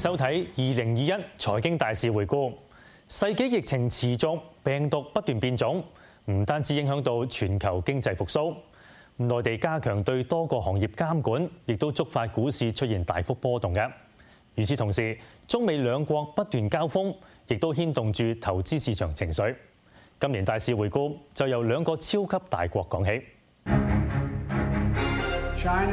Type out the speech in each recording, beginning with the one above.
收睇二零二一財經大事回顧，世紀疫情持續，病毒不斷變種，唔單止影響到全球經濟復甦，內地加強對多個行業監管，亦都觸發股市出現大幅波動嘅。與此同時，中美兩國不斷交鋒，亦都牽動住投資市場情緒。今年大事回顧就由兩個超級大國講起。China,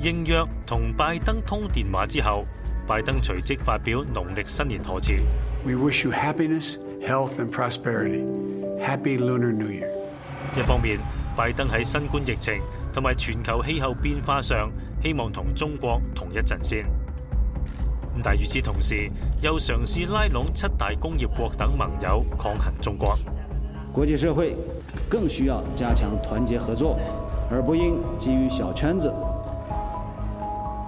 應約同拜登通電話之後，拜登隨即發表農曆新年賀詞。We wish you happiness, health and prosperity. Happy Lunar New Year。一方面，拜登喺新冠疫情同埋全球氣候變化上，希望同中國同一陣線；咁但與此同時，又嘗試拉攏七大工業國等盟友抗衡中國。國際社會更需要加強團結合作，而不應基於小圈子。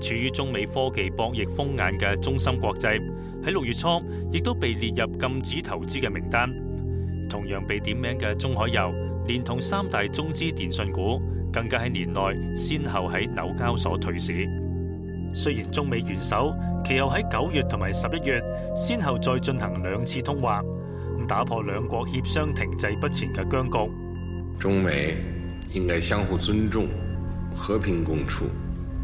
處於中美科技博弈風眼嘅中芯國際喺六月初亦都被列入禁止投資嘅名單。同樣被點名嘅中海油，連同三大中資電信股，更加喺年內先後喺紐交所退市。雖然中美元首其後喺九月同埋十一月先後再進行兩次通話，打破兩國協商停滯不前嘅僵局。中美應該相互尊重，和平共處。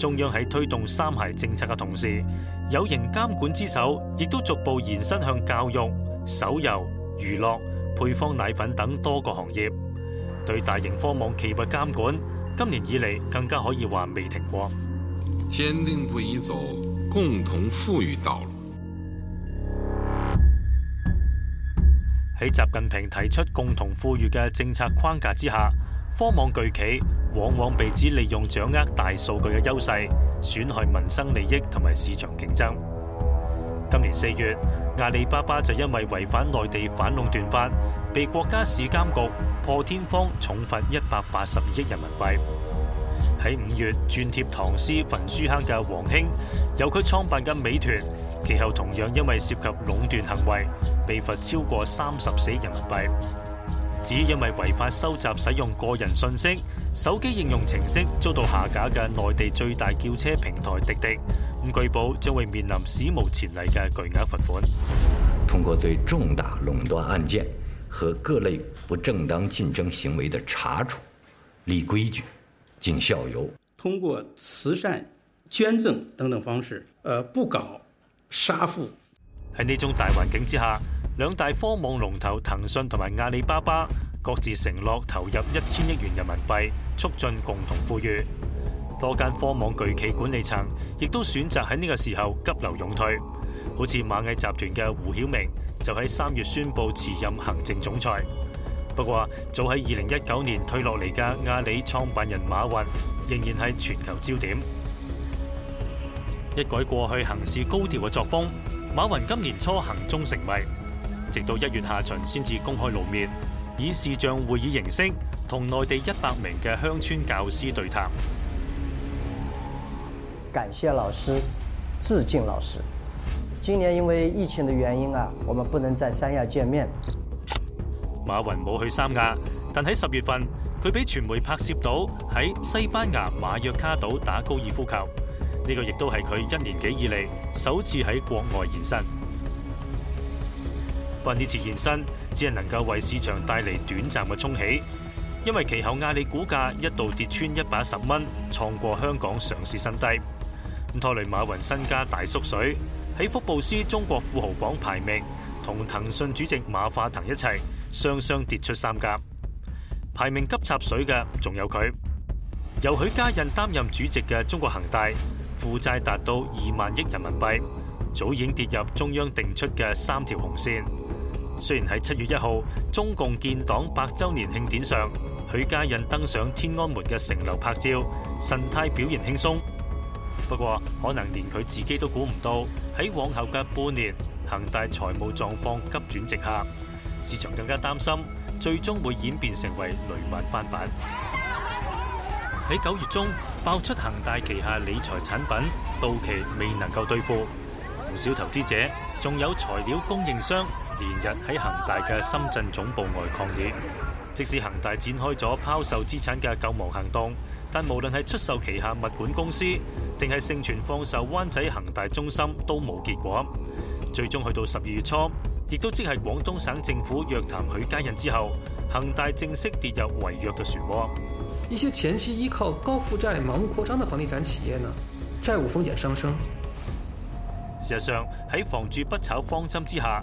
中央喺推動三孩政策嘅同時，有形監管之手亦都逐步延伸向教育、手遊、娛樂、配方奶粉等多個行業。對大型科網企業嘅監管，今年以嚟更加可以話未停過。堅定不移走共同富裕道路。喺習近平提出共同富裕嘅政策框架之下。科網巨企，往往被指利用掌握大數據嘅優勢，損害民生利益同埋市場競爭。今年四月，阿里巴巴就因為違反內地反壟斷法，被國家市監局破天荒重罰一百八十二億人民幣。喺五月，轉貼唐詩、焚書坑嘅王興，由佢創辦嘅美團，其後同樣因為涉及壟斷行為，被罰超過三十四億人民幣。只因為違法收集使用個人信息，手機應用程式遭到下架嘅內地最大叫車平台滴滴，咁據報將會面臨史無前例嘅巨額罰款。通過對重大壟斷案件和各類不正當競爭行為的查處，立規矩、儆效尤。通過慈善捐贈等等方式，呃，不搞殺富。喺呢種大環境之下。兩大科網龍頭騰訊同埋阿里巴巴各自承諾投入一千億元人民幣，促進共同富裕。多間科網巨企管理層亦都選擇喺呢個時候急流勇退，好似螞蟻集團嘅胡曉明就喺三月宣布辭任行政總裁。不過早喺二零一九年退落嚟嘅阿里創辦人馬雲仍然係全球焦點，一改過去行事高調嘅作風，馬雲今年初行蹤成迷。直到一月下旬先至公開露面，以視像會議形式同內地一百名嘅鄉村教師對談。感謝老師，致敬老師。今年因為疫情的原因啊，我們不能在三亞見面。馬雲冇去三亞，但喺十月份佢俾傳媒拍攝到喺西班牙馬約卡島打高爾夫球，呢個亦都係佢一年幾以嚟首次喺國外現身。溫呢次現身，只係能夠為市場帶嚟短暫嘅衝起，因為其後阿里股價一度跌穿一百一十蚊，創過香港上市新低。咁拖累馬雲身家大縮水，喺福布斯中國富豪榜排名同騰訊主席馬化騰一齊雙雙跌出三甲。排名急插水嘅仲有佢，由許家印擔任主席嘅中國恒大負債達到二萬億人民幣，早已經跌入中央定出嘅三條紅線。雖然喺七月一號中共建黨百周年慶典上，許家印登上天安門嘅城樓拍照，神態表現輕鬆。不過，可能連佢自己都估唔到，喺往後嘅半年，恒大財務狀況急轉直下，市場更加擔心，最終會演變成為雷曼翻版。喺九月中爆出恒大旗下理財產品到期未能夠兌付，唔少投資者仲有材料供應商。連日喺恒大嘅深圳總部外抗議，即使恒大展開咗拋售資產嘅救亡行動，但無論係出售旗下物管公司，定係盛傳放售灣仔恒大中心，都冇結果。最終去到十二月初，亦都即係廣東省政府約談許家印之後，恒大正式跌入違約嘅漩渦。一些前期依靠高負債盲目擴張的房地產企業呢？債務風險上升。事實上喺房住不炒方針之下。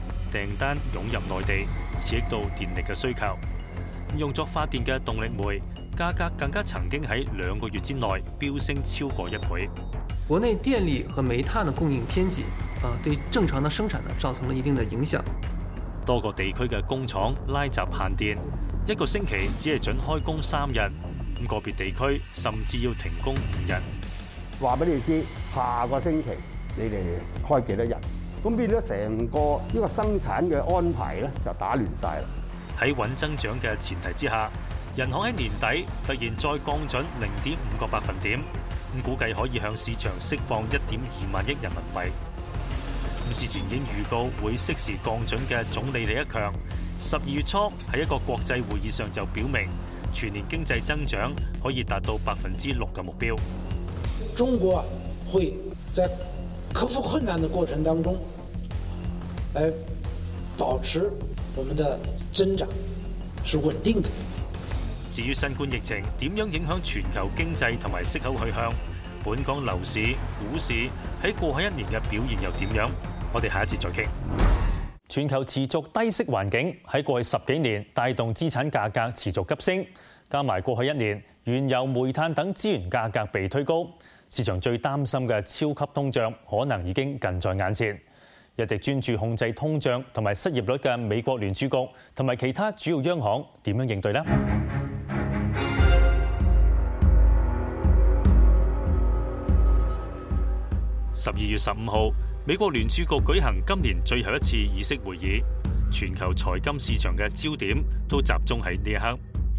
訂單湧入內地，刺激到電力嘅需求。用作發電嘅動力煤價格更加曾經喺兩個月之內飆升超過一倍。國內電力和煤炭的供應偏緊，啊，對正常的生產呢造成了一定的影響。多個地區嘅工廠拉閘限電，一個星期只係准開工三日。咁個別地區甚至要停工五日。話俾你知，下個星期你哋開幾多日？咁變咗成個呢個生產嘅安排咧，就打亂曬啦。喺穩增長嘅前提之下，銀行喺年底突然再降準零點五個百分點，咁估計可以向市場釋放一點二萬億人民幣。咁事前已經預告會適時降準嘅總理李克強，十二月初喺一個國際會議上就表明，全年經濟增長可以達到百分之六嘅目標。中國會在克服困難的過程當中，來保持我們的增長是穩定的。至於新冠疫情點樣影響全球經濟同埋息口去向，本港樓市、股市喺過去一年嘅表現又點樣？我哋下一節再傾。全球持續低息環境喺過去十幾年帶動資產價格持續急升，加埋過去一年原油、煤炭等資源價格被推高。市場最擔心嘅超級通脹可能已經近在眼前，一直專注控制通脹同埋失業率嘅美國聯儲局同埋其他主要央行點樣應對呢？十二月十五號，美國聯儲局舉行今年最後一次議息會議，全球財金市場嘅焦點都集中喺呢一刻。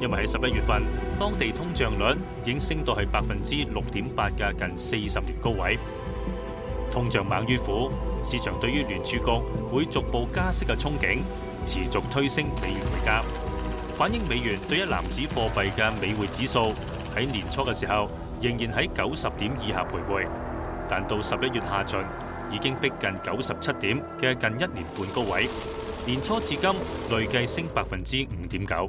因為喺十一月份，當地通脹率已經升到係百分之六點八嘅近四十年高位。通脹猛於虎，市場對於聯儲局會逐步加息嘅憧憬持續推升美元匯價，反映美元對一籃子貨幣嘅美匯指數喺年初嘅時候仍然喺九十點以下徘徊，但到十一月下旬已經逼近九十七點嘅近一年半高位。年初至今累計升百分之五點九。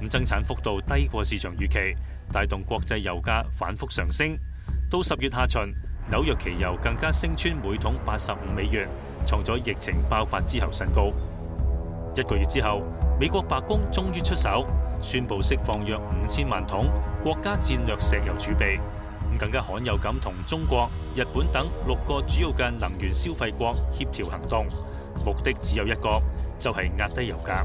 咁增產幅度低過市場預期，帶動國際油價反覆上升。到十月下旬，紐約期油更加升穿每桶八十五美元，創咗疫情爆發之後新高。一個月之後，美國白宮終於出手，宣布釋放約五千萬桶國家戰略石油儲備。咁更加罕有咁同中國、日本等六個主要嘅能源消費國協調行動，目的只有一個，就係壓低油價。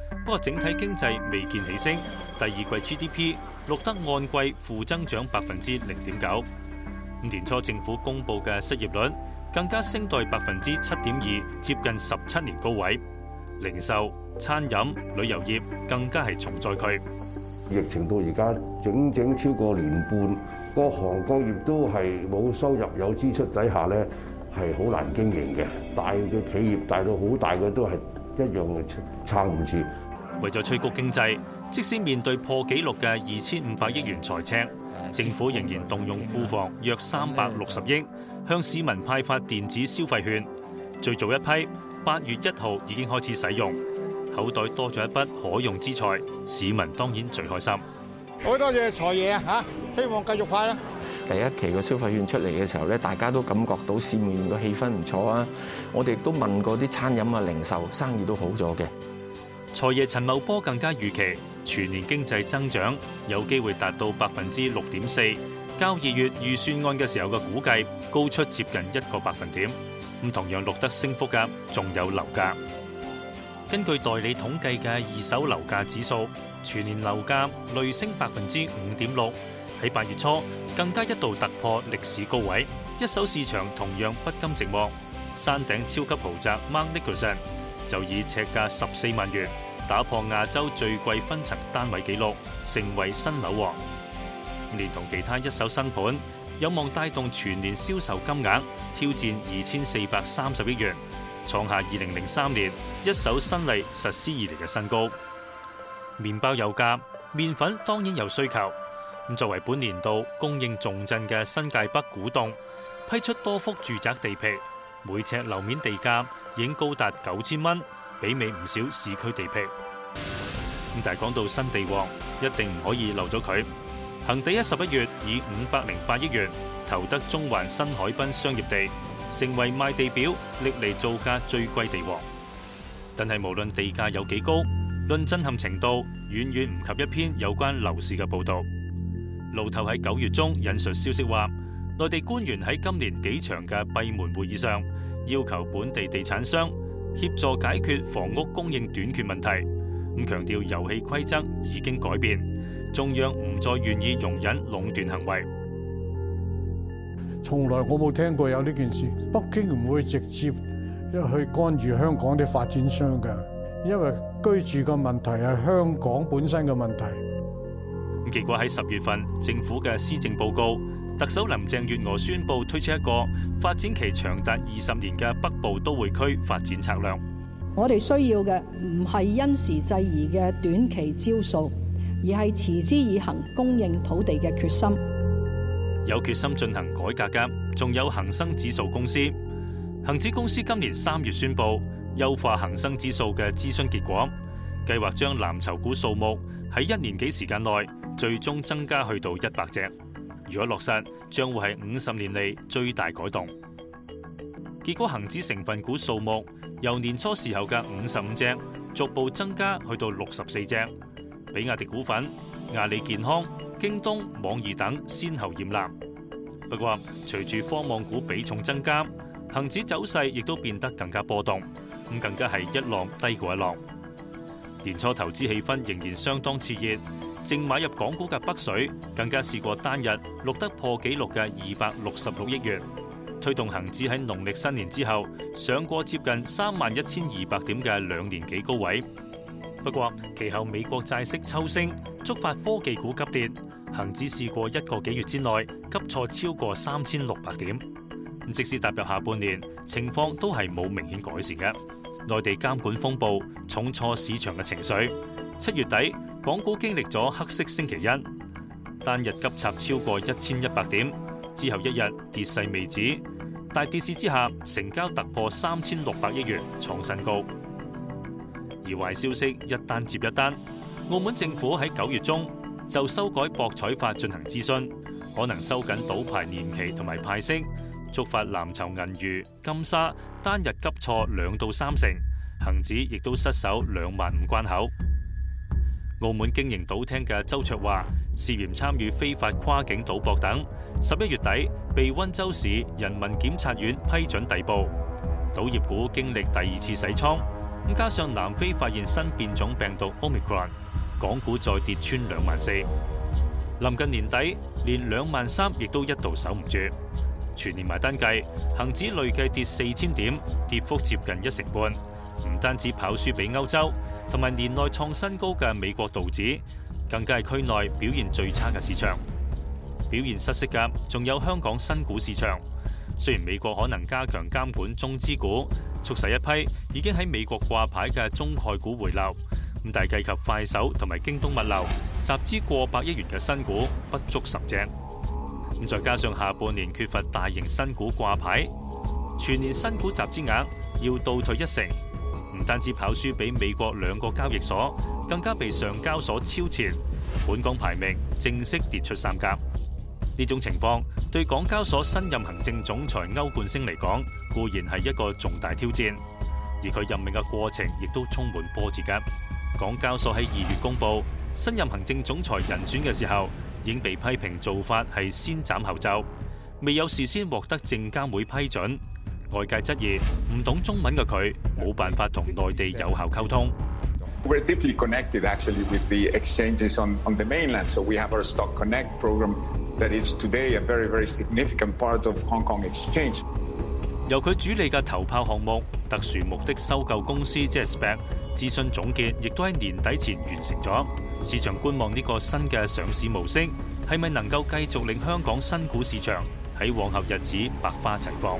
不過整體經濟未見起升，第二季 GDP 錄得按季負增長百分之零點九。年初政府公布嘅失業率更加升到百分之七點二，接近十七年高位。零售、餐飲、旅遊業更加係重災區。疫情到而家整整超過年半，各行各業都係冇收入有支出底下咧，係好難經營嘅。大嘅企業大到好大嘅都係一樣撐唔住。為咗催谷經濟，即使面對破紀錄嘅二千五百億元財赤，政府仍然動用庫房約三百六十億，向市民派發電子消費券。最早一批八月一號已經開始使用，口袋多咗一筆可用之財，市民當然最開心。好多謝財爺啊！嚇，希望繼續派啦。第一期個消費券出嚟嘅時候咧，大家都感覺到市面嘅氣氛唔錯啊！我哋都問過啲餐飲啊、零售生意都好咗嘅。財爺，陳茂波更加預期全年經濟增長有機會達到百分之六點四，較二月預算案嘅時候嘅估計高出接近一個百分點。咁同樣錄得升幅嘅，仲有樓價。根據代理統計嘅二手樓價指數，全年樓價累升百分之五點六，喺八月初更加一度突破歷史高位。一手市場同樣不甘寂寞，山頂超級豪宅 Mount Nicholson 就以尺價十四萬元，打破亞洲最貴分層單位紀錄，成為新樓王。連同其他一手新盤，有望帶動全年銷售金額挑戰二千四百三十億元，創下二零零三年一手新例實施以嚟嘅新高。麵包有價，麵粉當然有需求。咁作為本年度供應重鎮嘅新界北古洞，批出多幅住宅地皮，每尺樓面地價已經高達九千蚊。媲美唔少市區地皮，咁但係講到新地王，一定唔可以漏咗佢。恆地一十一月以五百零八億元投得中環新海濱商業地，成為賣地表歷嚟造價最貴地王。但係無論地價有幾高，論震撼程度，遠遠唔及一篇有關樓市嘅報導。路透喺九月中引述消息話，內地官員喺今年幾場嘅閉門會議上，要求本地地產商。協助解決房屋供應短缺問題，咁強調遊戲規則已經改變，中央唔再願意容忍壟斷行為。從來我冇聽過有呢件事，北京唔會直接去干預香港啲發展商㗎，因為居住嘅問題係香港本身嘅問題。咁結果喺十月份政府嘅施政報告，特首林鄭月娥宣布推出一個發展期長達二十年嘅北部都會區發展策略。我哋需要嘅唔係因時制宜嘅短期招數，而係持之以恆供應土地嘅決心。有決心進行改革嘅，仲有恒生指數公司。恒指公司今年三月宣布優化恒生指數嘅諮詢結果，計劃將藍籌股數目喺一年幾時間內最終增加去到一百隻。如果落實，將會係五十年嚟最大改動。結果恒指成分股數目由年初時候嘅五十五隻逐步增加去到六十四隻，比亞迪股份、阿里健康、京東、網易等先後染藍。不過，隨住科網股比重增加，恒指走勢亦都變得更加波動，咁更加係一浪低過一浪。年初投資氣氛仍然相當熾熱。正買入港股嘅北水，更加試過單日錄得破紀錄嘅二百六十六億元，推動恒指喺農曆新年之後上過接近三萬一千二百點嘅兩年幾高位。不過其後美國債息抽升，觸發科技股急跌，恒指試過一個幾月之內急挫超過三千六百點。即使踏入下半年，情況都係冇明顯改善嘅。內地監管風暴重挫市場嘅情緒，七月底，港股經歷咗黑色星期一，單日急插超過一千一百點，之後一日跌勢未止，大跌市之下成交突破三千六百億元創新高。而壞消息一單接一單，澳門政府喺九月中就修改博彩法進行諮詢，可能收緊賭牌年期同埋派息，觸發藍籌銀娛金沙單日急挫兩到三成，恒指亦都失守兩萬五關口。澳門經營賭廳嘅周卓華，涉嫌參與非法跨境賭博等，十一月底被溫州市人民檢察院批准逮捕。賭業股經歷第二次洗倉，咁加上南非發現新變種病毒 Omicron，港股再跌穿兩萬四。臨近年底，連兩萬三亦都一度守唔住，全年埋單計，恒指累計跌四千點，跌幅接近一成半。唔單止跑輸畀歐洲同埋年內創新高嘅美國道指，更加係區內表現最差嘅市場。表現失色嘅仲有香港新股市場。雖然美國可能加強監管中資股，促使一批已經喺美國掛牌嘅中概股回流，咁但係計及快手同埋京東物流集資過百億元嘅新股不足十隻，咁再加上下半年缺乏大型新股掛牌，全年新股集資額要倒退一成。唔單止跑輸俾美國兩個交易所，更加被上交所超前，本港排名正式跌出三甲。呢種情況對港交所新任行政總裁歐冠升嚟講，固然係一個重大挑戰，而佢任命嘅過程亦都充滿波折噶。港交所喺二月公布新任行政總裁人選嘅時候，已經被批評做法係先斬後奏，未有事先獲得證監會批准。外界質疑唔懂中文嘅佢冇辦法同內地有效溝通由佢主理嘅投炮項目特殊目的收購公司即係 SPAC 諮詢總結亦都喺年底前完成咗市場觀望呢個新嘅上市模式係咪能夠繼續令香港新股市場喺往後日子百花齊放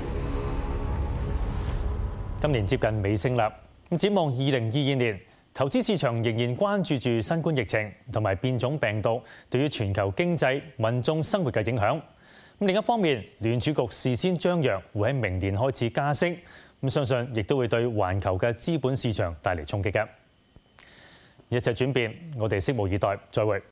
今年接近尾聲啦。咁展望二零二二年，投資市場仍然關注住新冠疫情同埋變種病毒對於全球經濟民眾生活嘅影響。咁另一方面，聯儲局事先張揚會喺明年開始加息，咁相信亦都會對環球嘅資本市場帶嚟衝擊嘅。一切轉變，我哋拭目以待。再會。